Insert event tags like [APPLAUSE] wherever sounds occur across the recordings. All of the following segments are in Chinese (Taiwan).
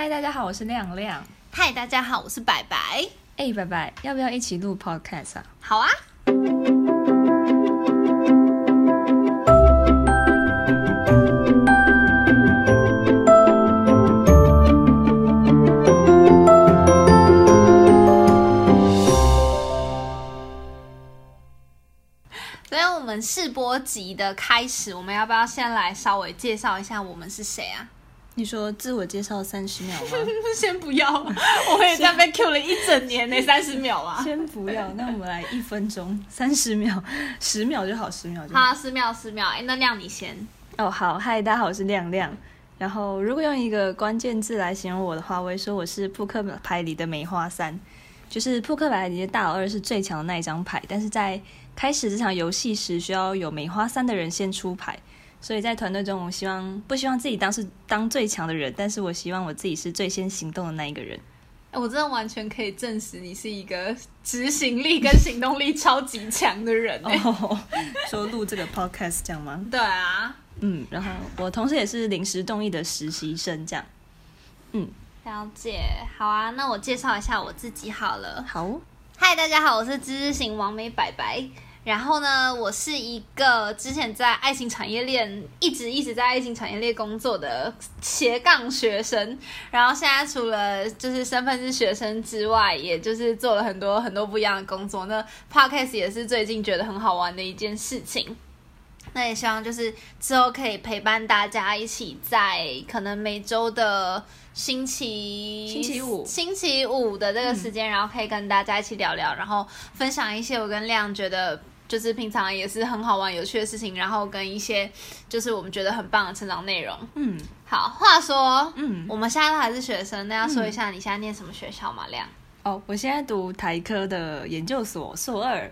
嗨，Hi, 大家好，我是亮亮。嗨，大家好，我是白白。哎、欸，白白，要不要一起錄 Podcast 啊？好啊。所以，我們試播集的開始，我們要不要先來稍微介紹一下我們是誰啊？你說自我介紹三十秒 [LAUGHS] 先不要，我也在被 Q 了一整年呢。三十秒啊！先不要，那我們來一分鐘，三十秒，十秒就好，十秒就好。好、啊，十秒，十秒。哎、欸，那亮你先。哦，好，嗨，大家好，我是亮亮。嗯、然後，如果用一個關鍵字來形容我的話，我會說我是撲克牌裡的梅花三，就是撲克牌裡的大老二是最強的那一張牌，但是在開始這場遊戲時，需要有梅花三的人先出牌。所以在團隊中，我希望不希望自己當是當最強的人，但是我希望我自己是最先行動的那一個人。欸，我真的完全可以證實你是一個執行力跟行動力超級強的人、欸。哦，說錄這個 podcast 這樣嗎？對啊，嗯，然後我同時也是臨時動議的實習生這樣。嗯，了解，好啊，那我介紹一下我自己好了。好，嗨，大家好，我是知識型網美白白。然後呢，我是一個之前在愛情產業鏈一直一直在愛情產業鏈工作的斜槓學生，然後現在除了就是身份是學生之外，也就是做了很多很多不一樣的工作。那 podcast 也是最近覺得很好玩的一件事情，那也希望就是之後可以陪伴大家一起在可能每周的。星期，星期五星期五的這個時間，然後可以跟大家一起聊聊，嗯、然後分享一些我跟亮覺得就是平常也是很好玩有趣的事情，然後跟一些就是我們覺得很棒的成長內容。嗯，好，話說，嗯，我們現在都還是學生，那要說一下你現在念什麼學校嗎？亮，哦，我現在讀台科的研究所，碩二。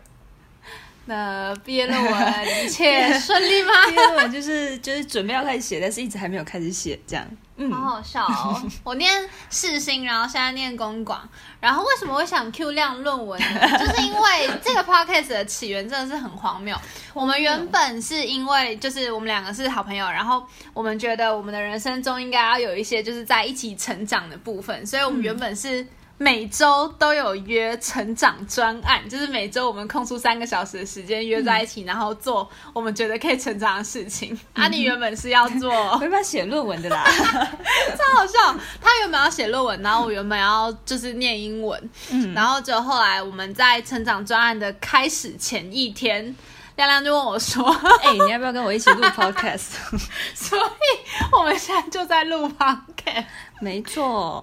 那畢、呃、業論文一切順利嗎？畢 [LAUGHS] 業論文就是就是準備要開始寫，但是一直還沒有開始寫，這樣。嗯，好好笑、哦。我念世新，然後現在念公廣。然後為什麼我想 Q 亮論文呢？ [LAUGHS] 就是因為這個 podcast 的起源真的是很荒謬。荒謬我們原本是因為就是我們兩個是好朋友，然後我們覺得我們的人生中應該要有一些就是在一起成長的部分，所以我們原本是。每週都有約成長專案，就是每週我們空出三個小時的時間約在一起，嗯、然後做我們覺得可以成長的事情。嗯、哼啊，你原本是要做？我原本寫論文的啦， [LAUGHS] 超好笑！他原本要寫論文，然後我原本要就是念英文，嗯、然後就後來我們在成長專案的開始前一天，嗯、亮亮就問我說：“哎、欸，你要不要跟我一起錄 Podcast？” [LAUGHS] 所以我們現在就在錄 Podcast，沒錯。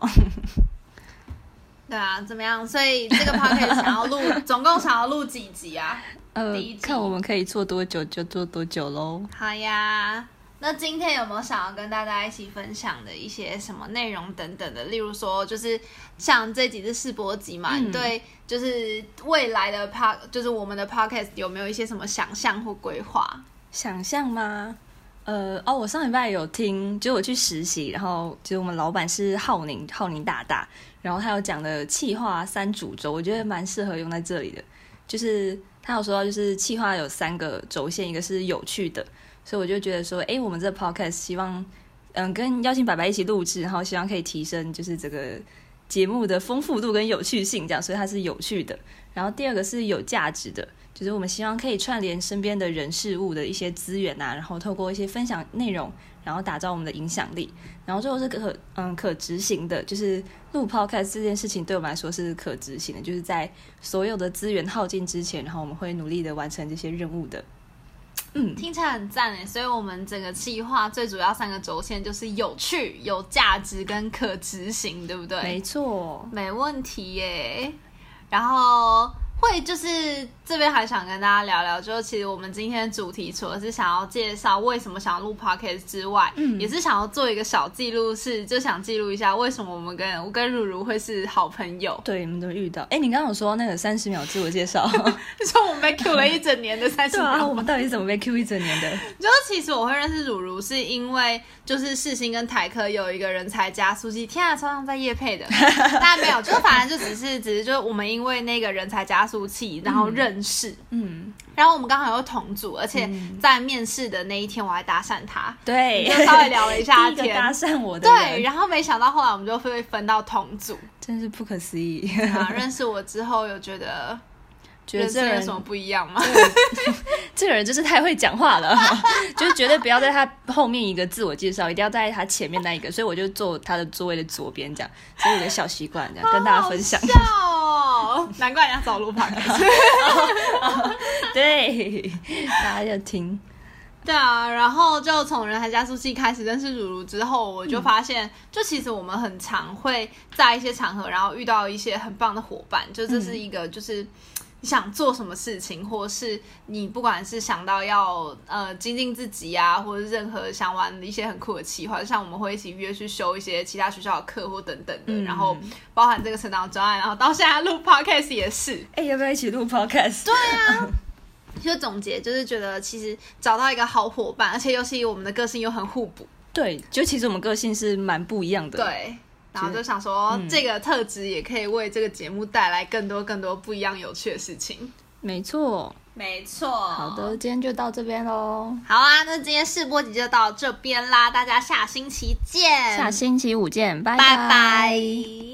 對啊，怎麼樣？所以這個 podcast 想要錄， [LAUGHS] 總共想要錄幾集啊？呃，第一集。看我們可以做多久就做多久嘍。好呀，那今天有沒有想要跟大家一起分享的一些什麼內容等等的？例如說，就是像這幾次試播集嘛，嗯、對，就是未來的 podcast，就是我們的 podcast 有沒有一些什麼想象或規劃？想象嗎？呃哦，我上禮拜有聽，就是我去實習，然後就是我們老板是浩寧，浩寧大大，然後他有講的企劃三主軸，我覺得蠻適合用在這裡的，就是他有說到，就是企劃有三個軸線，一個是有趣的，所以我就覺得說，哎，我們這 podcast 希望，嗯、呃，跟邀請白白一起錄制，然後希望可以提升就是這個節目的豐富度跟有趣性這樣，所以它是有趣的，然後第二個是有價值的。就是我們希望可以串聯身邊的人事物的一些資源啊，然後透過一些分享內容，然後打造我們的影響力。然後最後是可嗯可執行的，就是錄 podcast 這件事情對我們來說是可執行的，就是在所有的資源耗盡之前，然後我們會努力的完成這些任務的。嗯，聽起來很讚誒。所以，我們整個企劃最主要三個軸線就是有趣、有價值跟可執行，對不對？沒錯，沒問題耶。然後會就是。這邊還想跟大家聊聊，就是其實我們今天主題，除了是想要介紹為什麼想要錄 podcast 之外，嗯、也是想要做一個小記錄，是就想記錄一下為什麼我們跟我跟如如會是好朋友，對，你們怎麼遇到？哎、欸，你剛剛說那個三十秒自我介紹，你說 [LAUGHS] 我們被 Q 了一整年的三十秒。啊，對啊，我們到底怎麼被 Q 一整年的？就是其實我會認識如如，是因為就是世新跟台科有一個人才加速器，天啊、啊、超像在業配的，大家 [LAUGHS] 沒有，就是反正就只是只是就是我們因為那個人才加速器，嗯、然後認。是，嗯，然後我們剛好有同組，而且在面試的那一天我還搭訕他，對，稍微聊了一下天，搭訕我的，對，然後沒想到後來我們就被會分到同組，真是不可思議。認識我之後有覺得覺得這人有什麼不一樣嗎？這個人就是太會講話了，就是絕對不要在他後面一個自我介紹，一定要在他前面那一個，所以我就坐他的座位的左邊，這樣，所以我的小習慣，這樣跟大家分享。難怪要走路跑，對，大家、 [LAUGHS] [LAUGHS] 啊、就停。對啊，然後就從人海加速器開始認識如如之後，嗯、我就發現，就其實我們很常會在一些場合，然後遇到一些很棒的夥伴，就這是一個就是。嗯嗯你想做什麼事情，或是你不管是想到要呃精進自己啊，或者是任何想玩一些很酷的企劃，像我們會一起約去修一些其他學校的課或等等的，嗯、然後包含這個成長專案，然後到現在錄 podcast 也是，哎、欸，要不要一起錄 podcast？對啊， [LAUGHS] 就總結就是覺得其實找到一個好伙伴，而且又是我們的個性又很互補，對，就其實我們個性是蠻不一樣的，對。然後就想說，嗯，這個特質也可以為這個節目帶來更多更多不一樣有趣的事情。沒錯，沒錯。好的，今天就到這邊嘍。好啊，那今天試播集就到這邊啦，大家下星期見，下星期五見，拜拜。拜拜。